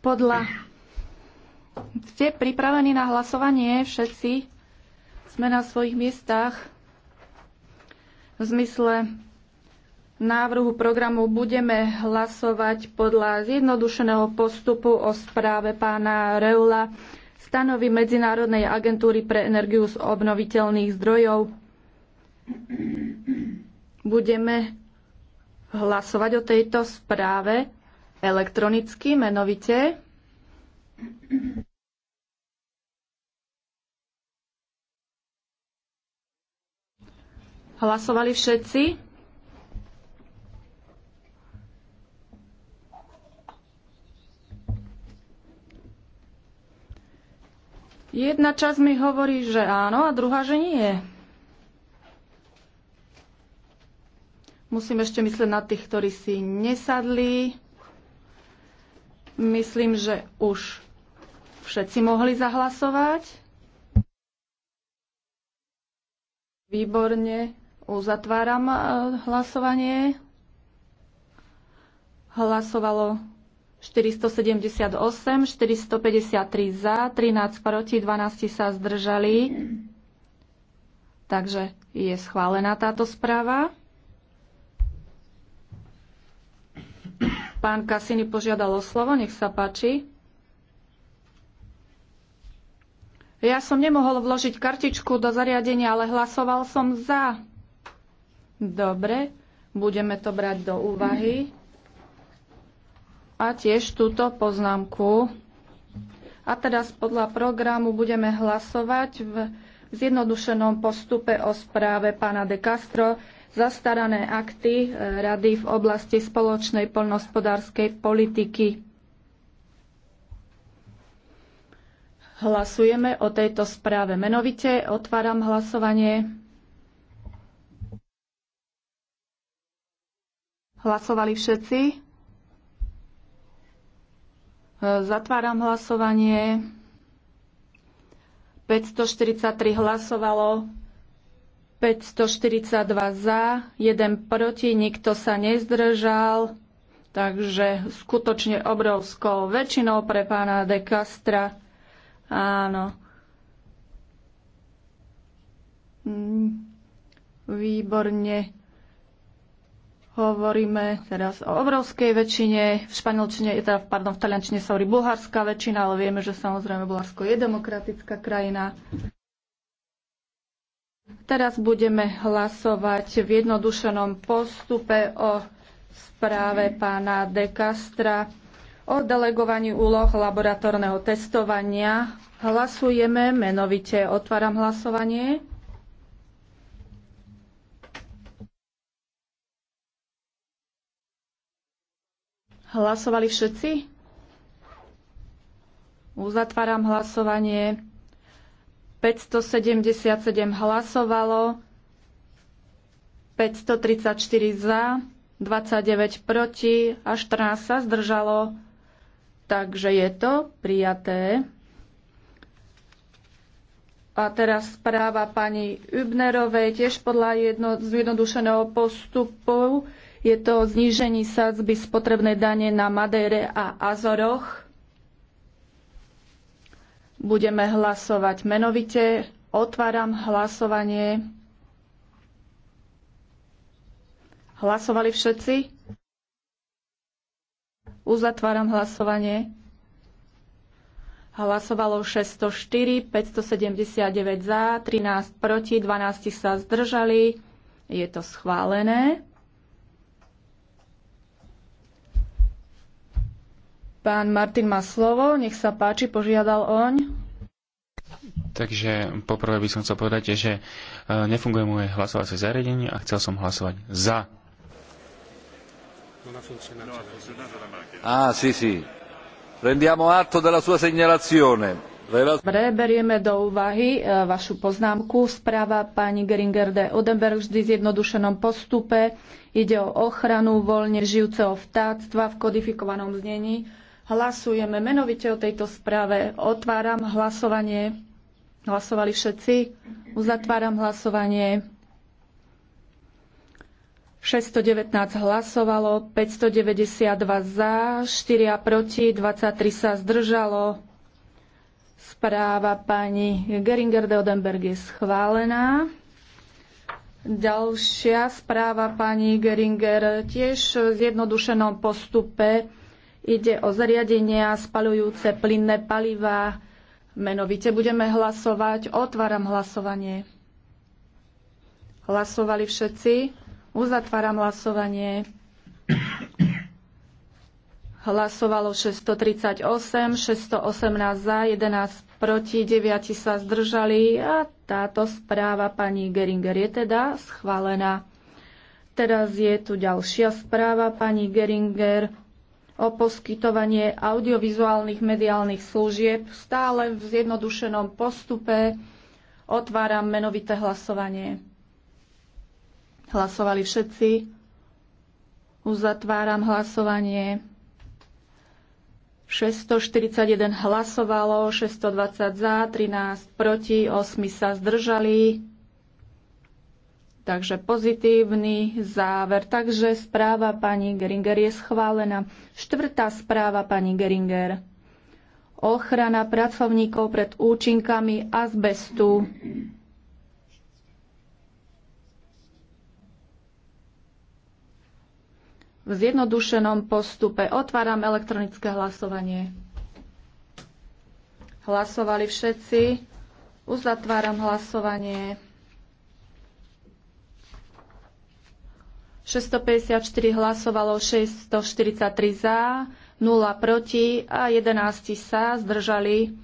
Podľa... Ste pripravení na hlasovanie všetci? Sme na svojich miestach. V zmysle návrhu programu budeme hlasovať podľa zjednodušeného postupu o správe pána Reula stanovy Medzinárodnej agentúry pre energiu z obnoviteľných zdrojov. Budeme hlasovať o tejto správe elektronicky, menovite. Hlasovali všetci? Jedna časť mi hovorí, že áno a druhá, že nie. Musím ešte myslieť na tých, ktorí si nesadli. Myslím, že už všetci mohli zahlasovať. Výborne, uzatváram e, hlasovanie. Hlasovalo 478, 453 za, 13 proti, 12 sa zdržali. Takže je schválená táto správa. Pán Kasini požiadal o slovo, nech sa páči. Ja som nemohol vložiť kartičku do zariadenia, ale hlasoval som za. Dobre, budeme to brať do úvahy. A tiež túto poznámku. A teraz podľa programu budeme hlasovať v zjednodušenom postupe o správe pána de Castro zastarané akty e, Rady v oblasti spoločnej poľnohospodárskej politiky. Hlasujeme o tejto správe menovite. Otváram hlasovanie. Hlasovali všetci? E, zatváram hlasovanie. 543 hlasovalo, 542 za, 1 proti, nikto sa nezdržal. Takže skutočne obrovskou väčšinou pre pána de Castra. Áno. Mm, výborne. Hovoríme teraz o obrovskej väčšine. V španielčine, teda, pardon, v taliančine sa hovorí bulharská väčšina, ale vieme, že samozrejme Bulharsko je demokratická krajina. Teraz budeme hlasovať v jednodušenom postupe o správe pána De Castra o delegovaní úloh laboratórneho testovania. Hlasujeme menovite. Otváram hlasovanie. Hlasovali všetci? Uzatváram hlasovanie. 577 hlasovalo, 534 za, 29 proti a 14 sa zdržalo. Takže je to prijaté. A teraz správa pani Übnerovej, tiež podľa jedno, zjednodušeného postupu. Je to znížení sadzby spotrebnej dane na Madére a Azoroch. Budeme hlasovať menovite. Otváram hlasovanie. Hlasovali všetci? Uzatváram hlasovanie. Hlasovalo 604, 579 za, 13 proti, 12 sa zdržali. Je to schválené. Pán Martin má slovo, nech sa páči, požiadal oň. Takže poprvé by som chcel povedať, že e, nefunguje moje hlasovacie zariadenie a chcel som hlasovať za. No, ah, Prendiamo atto della sua segnalazione. Dobre, berieme do úvahy e, vašu poznámku. Správa pani Geringer de Odenberg vždy v zjednodušenom postupe. Ide o ochranu voľne žijúceho vtáctva v kodifikovanom znení. Hlasujeme menovite o tejto správe. Otváram hlasovanie. Hlasovali všetci. Uzatváram hlasovanie. 619 hlasovalo, 592 za, 4 proti, 23 sa zdržalo. Správa pani Geringer de Odenberg je schválená. Ďalšia správa pani Geringer tiež v zjednodušenom postupe Ide o zariadenia spaľujúce plynné paliva. Menovite budeme hlasovať. Otváram hlasovanie. Hlasovali všetci. Uzatváram hlasovanie. Hlasovalo 638, 618 za, 11 proti, 9 sa zdržali a táto správa pani Geringer je teda schválená. Teraz je tu ďalšia správa pani Geringer o poskytovanie audiovizuálnych mediálnych služieb stále v zjednodušenom postupe. Otváram menovité hlasovanie. Hlasovali všetci. Uzatváram hlasovanie. 641 hlasovalo, 620 za, 13 proti, 8 sa zdržali. Takže pozitívny záver. Takže správa pani Geringer je schválená. Štvrtá správa pani Geringer. Ochrana pracovníkov pred účinkami azbestu. V zjednodušenom postupe otváram elektronické hlasovanie. Hlasovali všetci. Uzatváram hlasovanie. 654 hlasovalo, 643 za, 0 proti a 11 sa zdržali.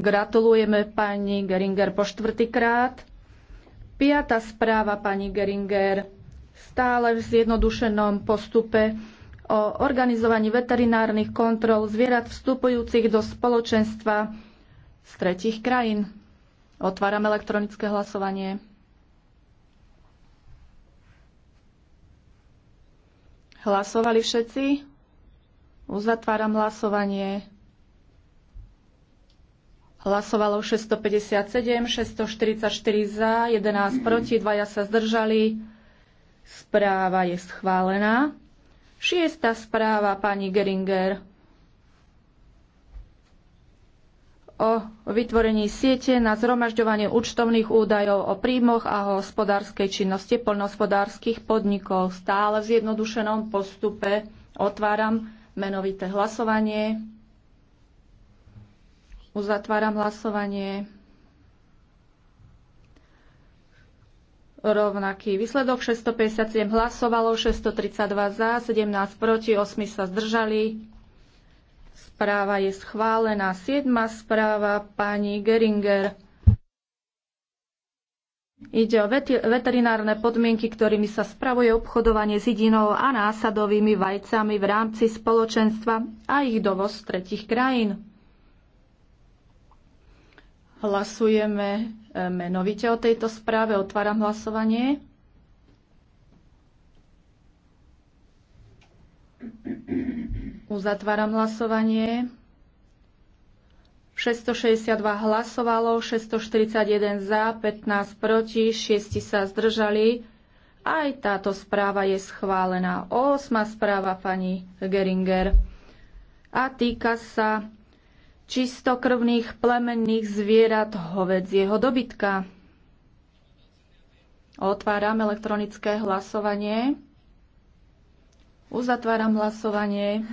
Gratulujeme pani Geringer po štvrtýkrát. Piatá správa pani Geringer stále v zjednodušenom postupe o organizovaní veterinárnych kontrol zvierat vstupujúcich do spoločenstva z tretich krajín. Otváram elektronické hlasovanie. Hlasovali všetci? Uzatváram hlasovanie. Hlasovalo 657, 644 za, 11 proti, dvaja sa zdržali. Správa je schválená. Šiesta správa pani Geringer. o vytvorení siete na zhromažďovanie účtovných údajov o príjmoch a hospodárskej činnosti poľnohospodárskych podnikov. Stále v zjednodušenom postupe otváram menovité hlasovanie. Uzatváram hlasovanie. Rovnaký výsledok 657 hlasovalo, 632 za, 17 proti, 8 sa zdržali správa je schválená. Siedma správa pani Geringer. Ide o veterinárne podmienky, ktorými sa spravuje obchodovanie s jedinou a násadovými vajcami v rámci spoločenstva a ich dovoz tretich krajín. Hlasujeme eh, menovite o tejto správe. Otváram hlasovanie. Uzatváram hlasovanie. 662 hlasovalo, 641 za, 15 proti, 6 sa zdržali. Aj táto správa je schválená. Osma správa pani Geringer. A týka sa čistokrvných plemenných zvierat hovedzieho dobytka. Otváram elektronické hlasovanie. Uzatváram hlasovanie.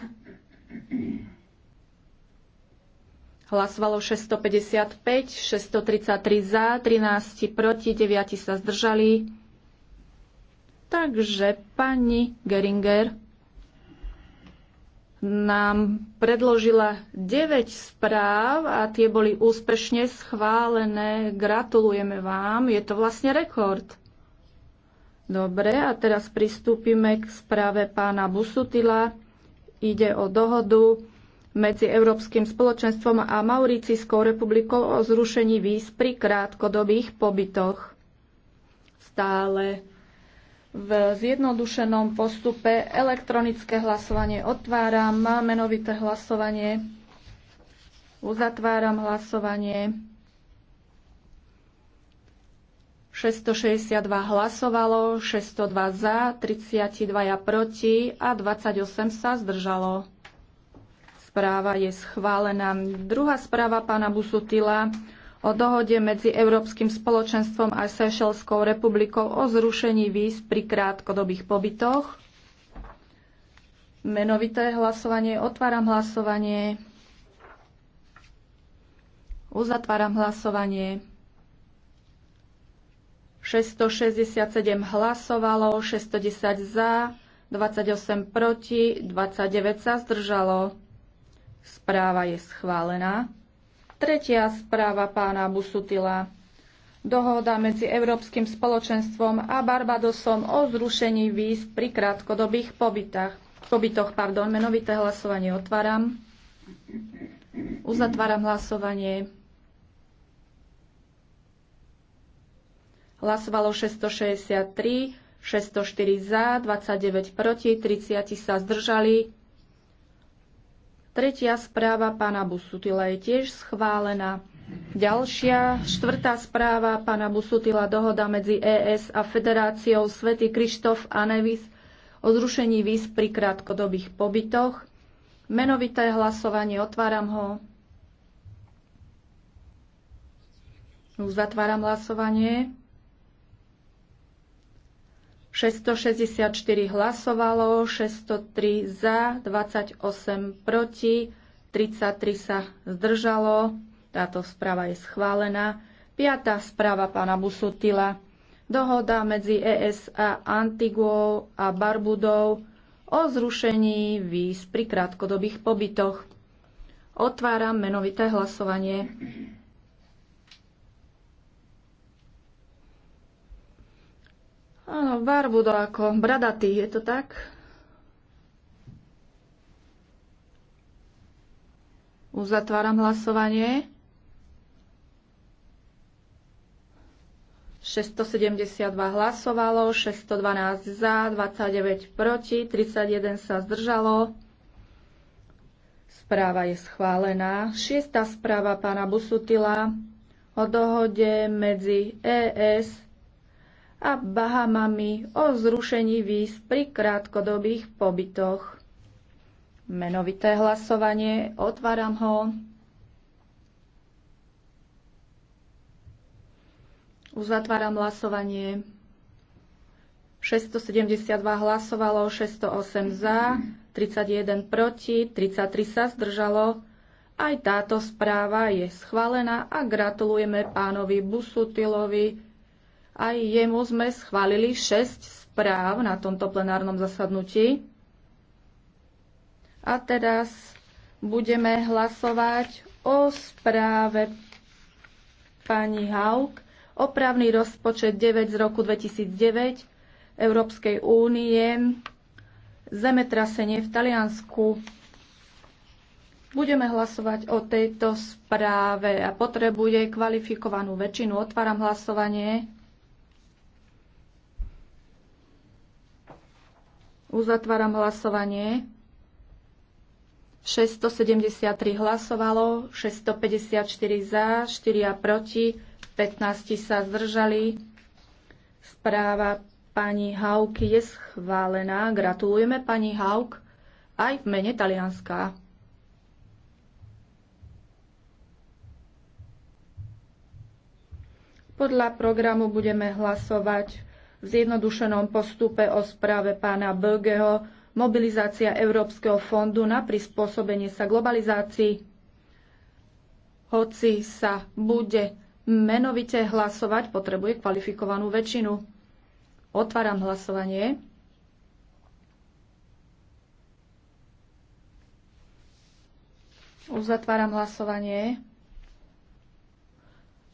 Hlasovalo 655, 633 za, 13 proti, 9 sa zdržali. Takže pani Geringer nám predložila 9 správ a tie boli úspešne schválené. Gratulujeme vám, je to vlastne rekord. Dobre, a teraz pristúpime k správe pána Busutila. Ide o dohodu medzi Európskym spoločenstvom a Mauricijskou republikou o zrušení víz pri krátkodobých pobytoch. Stále v zjednodušenom postupe elektronické hlasovanie otváram, menovité hlasovanie, uzatváram hlasovanie. 662 hlasovalo, 602 za, 32 proti a 28 sa zdržalo. Správa je schválená. Druhá správa pána Busutila o dohode medzi Európskym spoločenstvom a Seychelskou republikou o zrušení víz pri krátkodobých pobytoch. Menovité hlasovanie. Otváram hlasovanie. Uzatváram hlasovanie. 667 hlasovalo, 610 za, 28 proti, 29 sa zdržalo. Správa je schválená. Tretia správa pána Busutila. Dohoda medzi Európskym spoločenstvom a Barbadosom o zrušení víz pri krátkodobých pobytách. pobytoch. Pardon, menovité hlasovanie otváram. Uzatváram hlasovanie. Hlasovalo 663, 604 za, 29 proti, 30 sa zdržali. Tretia správa pána Busutila je tiež schválená. Ďalšia, štvrtá správa pána Busutila dohoda medzi ES a Federáciou Svety Krištof a Nevis o zrušení víz pri krátkodobých pobytoch. Menovité hlasovanie, otváram ho. Zatváram hlasovanie. 664 hlasovalo, 603 za, 28 proti, 33 sa zdržalo. Táto správa je schválená. Piatá správa pána Busutila. Dohoda medzi ESA Antiguou a Barbudou o zrušení víz pri krátkodobých pobytoch. Otváram menovité hlasovanie. Áno, barbudo ako bradatý, je to tak? Uzatváram hlasovanie. 672 hlasovalo, 612 za, 29 proti, 31 sa zdržalo. Správa je schválená. Šiesta správa pána Busutila o dohode medzi ES a Bahamami o zrušení víz pri krátkodobých pobytoch. Menovité hlasovanie, otváram ho. Uzatváram hlasovanie. 672 hlasovalo, 608 za, 31 proti, 33 sa zdržalo. Aj táto správa je schválená a gratulujeme pánovi Busutilovi, aj jemu sme schválili 6 správ na tomto plenárnom zasadnutí. A teraz budeme hlasovať o správe pani Haug, opravný rozpočet 9 z roku 2009 Európskej únie, zemetrasenie v Taliansku. Budeme hlasovať o tejto správe a potrebuje kvalifikovanú väčšinu. Otváram hlasovanie. Uzatváram hlasovanie. 673 hlasovalo, 654 za, 4 a proti, 15 sa zdržali. Správa pani Hauk je schválená. Gratulujeme pani Hauk aj v mene Talianská. Podľa programu budeme hlasovať v zjednodušenom postupe o správe pána Bögeho mobilizácia Európskeho fondu na prispôsobenie sa globalizácii. Hoci sa bude menovite hlasovať, potrebuje kvalifikovanú väčšinu. Otváram hlasovanie. Uzatváram hlasovanie.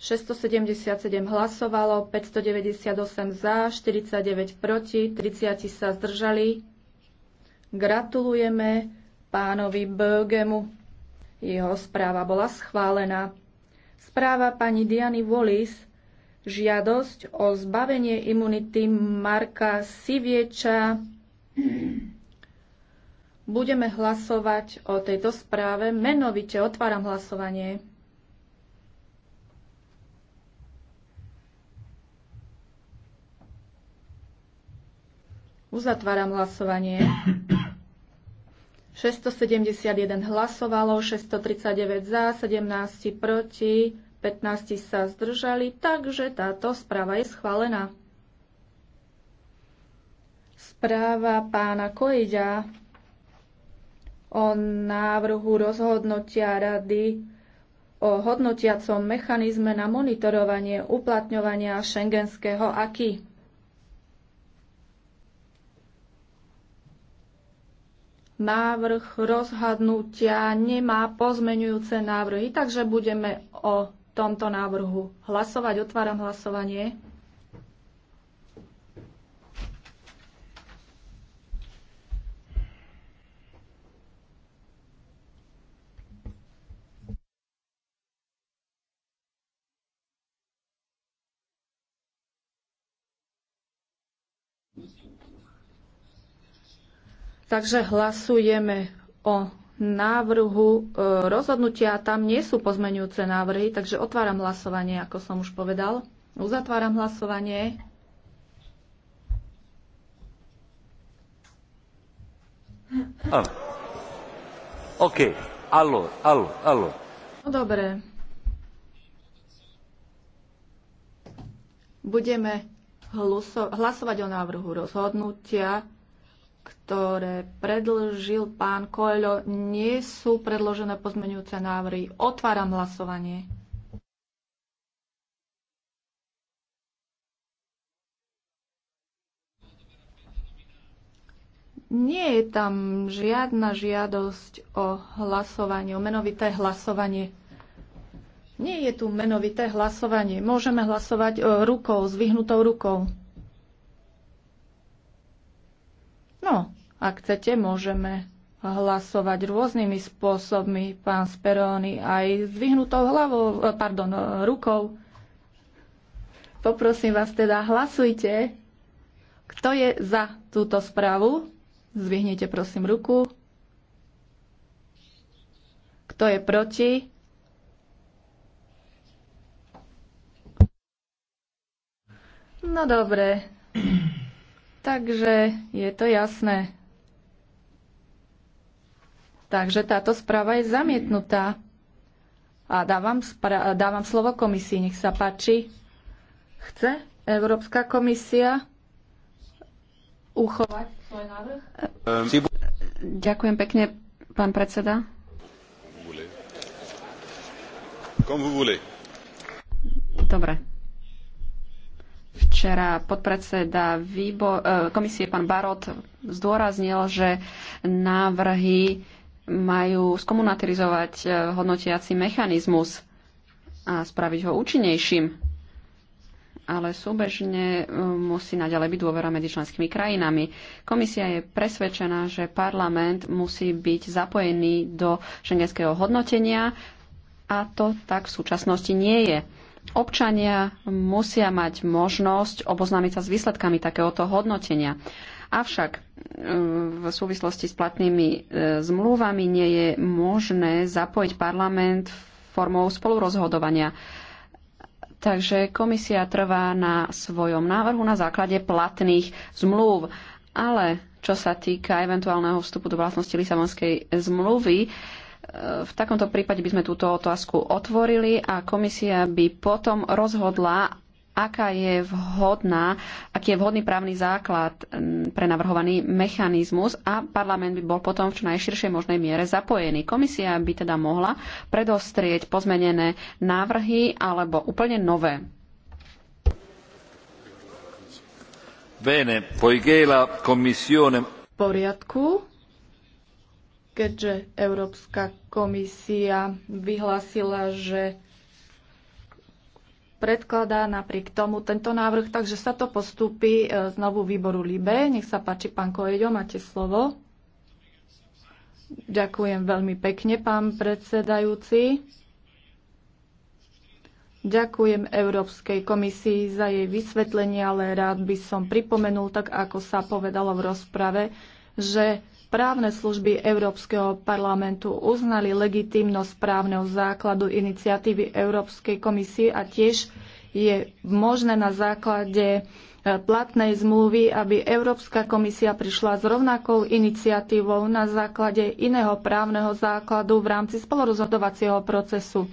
677 hlasovalo, 598 za, 49 proti, 30 sa zdržali. Gratulujeme pánovi Bögemu. Jeho správa bola schválená. Správa pani Diany Wallis žiadosť o zbavenie imunity Marka Sivieča. Budeme hlasovať o tejto správe. Menovite otváram hlasovanie. Uzatváram hlasovanie. 671 hlasovalo, 639 za, 17 proti, 15 sa zdržali, takže táto správa je schválená. Správa pána Kojďa o návrhu rozhodnutia rady o hodnotiacom mechanizme na monitorovanie uplatňovania šengenského aky. návrh rozhodnutia nemá pozmenujúce návrhy, takže budeme o tomto návrhu hlasovať. Otváram hlasovanie. Takže hlasujeme o návrhu e, rozhodnutia. Tam nie sú pozmenujúce návrhy, takže otváram hlasovanie, ako som už povedal. Uzatváram hlasovanie. Ah. OK. Allo, allo, allo. No dobre. Budeme hlasovať o návrhu rozhodnutia ktoré predlžil pán Koľo, nie sú predložené pozmenujúce návrhy. Otváram hlasovanie. Nie je tam žiadna žiadosť o hlasovanie, o menovité hlasovanie. Nie je tu menovité hlasovanie. Môžeme hlasovať e, rukou, zvyhnutou rukou. No, ak chcete, môžeme hlasovať rôznymi spôsobmi, pán Speroni, aj zdvihnutou hlavou, eh, pardon, eh, rukou. Poprosím vás teda, hlasujte. Kto je za túto správu? Zvihnite prosím ruku. Kto je proti? No dobre, Takže je to jasné. Takže táto správa je zamietnutá. A dávam, dávam slovo komisii, nech sa páči. Chce Európska komisia uchovať svoj návrh? Ďakujem pekne, pán predseda. Dobre. Včera podpredseda výbo- e, komisie pán Barot zdôraznil, že návrhy majú skomunatizovať e, hodnotiaci mechanizmus a spraviť ho účinnejším. Ale súbežne e, musí naďalej byť dôvera medzi členskými krajinami. Komisia je presvedčená, že parlament musí byť zapojený do šengenského hodnotenia a to tak v súčasnosti nie je. Občania musia mať možnosť oboznámiť sa s výsledkami takéhoto hodnotenia. Avšak e, v súvislosti s platnými e, zmluvami nie je možné zapojiť parlament formou spolurozhodovania. Takže komisia trvá na svojom návrhu na základe platných zmluv. Ale čo sa týka eventuálneho vstupu do vlastnosti Lisabonskej zmluvy, v takomto prípade by sme túto otázku otvorili a komisia by potom rozhodla, aká je vhodná, aký je vhodný právny základ pre navrhovaný mechanizmus a parlament by bol potom v čo najširšej možnej miere zapojený. Komisia by teda mohla predostrieť pozmenené návrhy alebo úplne nové. Bene, poiché la commissione... V poriadku, keďže Európska komisia vyhlásila, že predkladá napriek tomu tento návrh, takže sa to postupí e, znovu výboru LIBE. Nech sa páči, pán Koeďo, máte slovo. Ďakujem veľmi pekne, pán predsedajúci. Ďakujem Európskej komisii za jej vysvetlenie, ale rád by som pripomenul, tak ako sa povedalo v rozprave, že právne služby Európskeho parlamentu uznali legitímnosť právneho základu iniciatívy Európskej komisie a tiež je možné na základe e, platnej zmluvy, aby Európska komisia prišla s rovnakou iniciatívou na základe iného právneho základu v rámci spolorozhodovacieho procesu.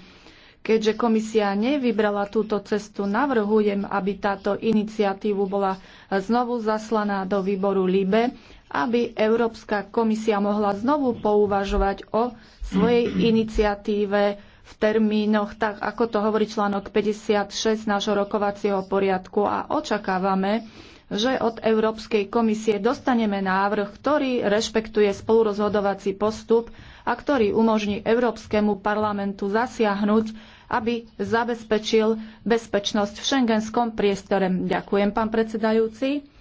Keďže komisia nevybrala túto cestu, navrhujem, aby táto iniciatívu bola znovu zaslaná do výboru LIBE aby Európska komisia mohla znovu pouvažovať o svojej iniciatíve v termínoch, tak ako to hovorí článok 56 nášho rokovacieho poriadku a očakávame, že od Európskej komisie dostaneme návrh, ktorý rešpektuje spolurozhodovací postup a ktorý umožní Európskemu parlamentu zasiahnuť, aby zabezpečil bezpečnosť v šengenskom priestore. Ďakujem, pán predsedajúci.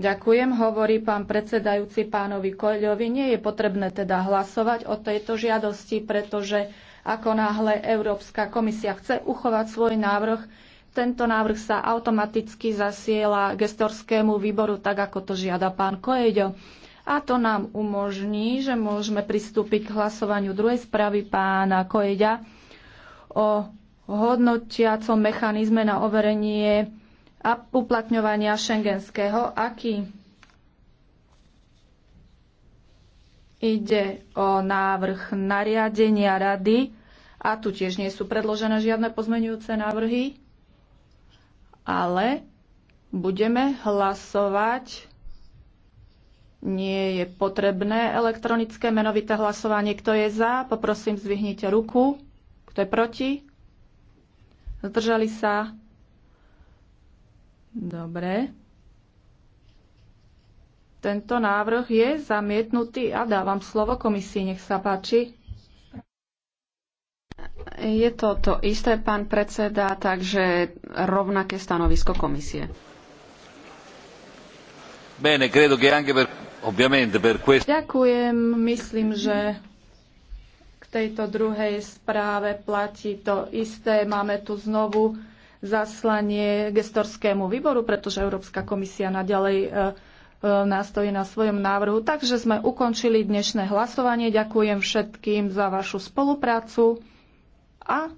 Ďakujem, hovorí pán predsedajúci pánovi Koľovi. Nie je potrebné teda hlasovať o tejto žiadosti, pretože ako náhle Európska komisia chce uchovať svoj návrh, tento návrh sa automaticky zasiela gestorskému výboru, tak ako to žiada pán Koeďo. A to nám umožní, že môžeme pristúpiť k hlasovaniu druhej správy pána Koeďa o hodnotiacom mechanizme na overenie a uplatňovania šengenského aký. Ide o návrh nariadenia rady a tu tiež nie sú predložené žiadne pozmenujúce návrhy, ale budeme hlasovať nie je potrebné elektronické menovité hlasovanie. Kto je za, poprosím, zvihnite ruku. Kto je proti? Zdržali sa? Dobre. Tento návrh je zamietnutý a dávam slovo komisii. Nech sa páči. Je to to isté, pán predseda, takže rovnaké stanovisko komisie. Bene, credo che anche per, ovviamente per questo... Ďakujem, myslím, že k tejto druhej správe platí to isté. Máme tu znovu zaslanie gestorskému výboru, pretože Európska komisia naďalej e, e, nástojí na svojom návrhu. Takže sme ukončili dnešné hlasovanie. Ďakujem všetkým za vašu spoluprácu a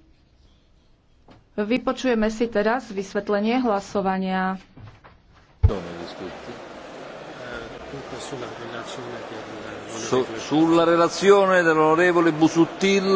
vypočujeme si teraz vysvetlenie hlasovania. Sulla relazione dell'onorevole Busuttil